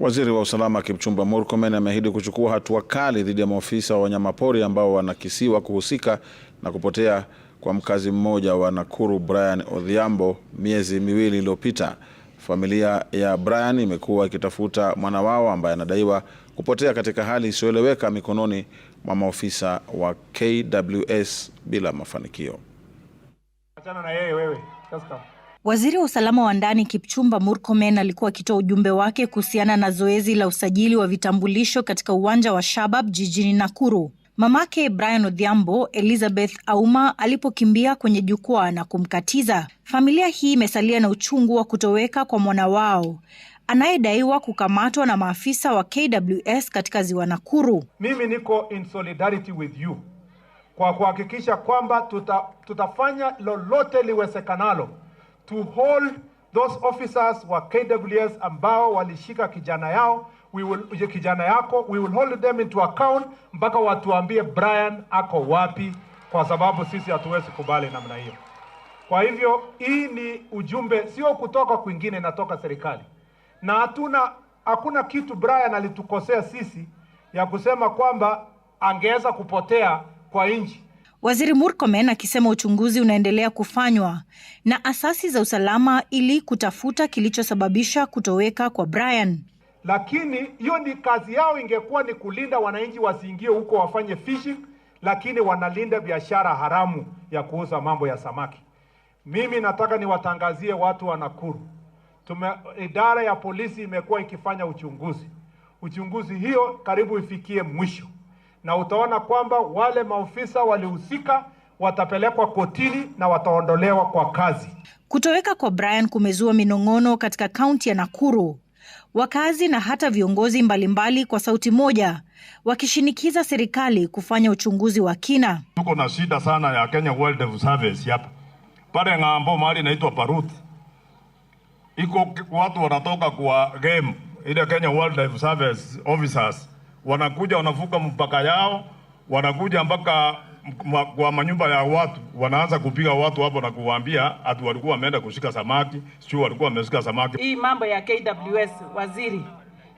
Waziri wa usalama Kipchumba Murkomen ameahidi kuchukua hatua kali dhidi ya maofisa wa wanyamapori ambao wanakisiwa kuhusika na kupotea kwa mkazi mmoja wa Nakuru Brian Odhiambo miezi miwili iliyopita. Familia ya Brian imekuwa ikitafuta mwana wao ambaye anadaiwa kupotea katika hali isiyoeleweka mikononi mwa maofisa wa KWS bila mafanikio. Achana na yeye wewe. Waziri wa usalama wa ndani Kipchumba Murkomen alikuwa akitoa ujumbe wake kuhusiana na zoezi la usajili wa vitambulisho katika uwanja wa Shabab jijini Nakuru. Mamake Brian Odhiambo, Elizabeth Auma, alipokimbia kwenye jukwaa na kumkatiza. Familia hii imesalia na uchungu wa kutoweka kwa mwana wao anayedaiwa kukamatwa na maafisa wa KWS katika ziwa Nakuru. Mimi niko in solidarity with you kwa kuhakikisha kwamba tuta, tutafanya lolote liwezekanalo to hold those officers wa KWS ambao walishika kijana yao we will, kijana yako we will hold them into account mpaka watuambie Brian ako wapi, kwa sababu sisi hatuwezi kubali namna hiyo. Kwa hivyo hii ni ujumbe, sio kutoka kwingine, inatoka serikali, na hatuna hakuna kitu Brian alitukosea sisi ya kusema kwamba angeweza kupotea kwa nchi Waziri Murkomen akisema uchunguzi unaendelea kufanywa na asasi za usalama ili kutafuta kilichosababisha kutoweka kwa Brian. Lakini hiyo ni kazi yao, ingekuwa ni kulinda wananchi wasiingie huko wafanye fishing, lakini wanalinda biashara haramu ya kuuza mambo ya samaki. Mimi nataka niwatangazie watu wa Nakuru, tume idara ya polisi imekuwa ikifanya uchunguzi, uchunguzi hiyo karibu ifikie mwisho na utaona kwamba wale maofisa walihusika watapelekwa kotini na wataondolewa kwa kazi. Kutoweka kwa Brian kumezua minong'ono katika kaunti ya Nakuru, wakazi na hata viongozi mbalimbali kwa sauti moja wakishinikiza serikali kufanya uchunguzi wa kina. Tuko na shida sana ya Kenya Wildlife Service hapa pale ng'ambo, mahali inaitwa Paruth, iko watu wanatoka kwa game ile Kenya Wildlife Service officers wanakuja wanavuka mpaka yao, wanakuja mpaka kwa manyumba ya watu, wanaanza kupiga watu hapo na kuwaambia ati walikuwa wameenda kushika samaki, sio walikuwa wameshika samaki. Hii mambo ya KWS, waziri,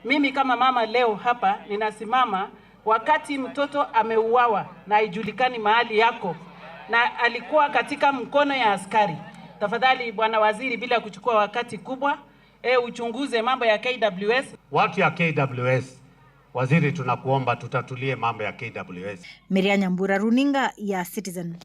mimi kama mama leo hapa ninasimama wakati mtoto ameuawa na haijulikani mahali yako na alikuwa katika mkono ya askari. Tafadhali bwana waziri, bila kuchukua wakati kubwa, e, uchunguze mambo ya KWS. Watu ya KWS Waziri, tunakuomba tutatulie mambo ya KWS. Maria Nyambura, runinga ya Citizen.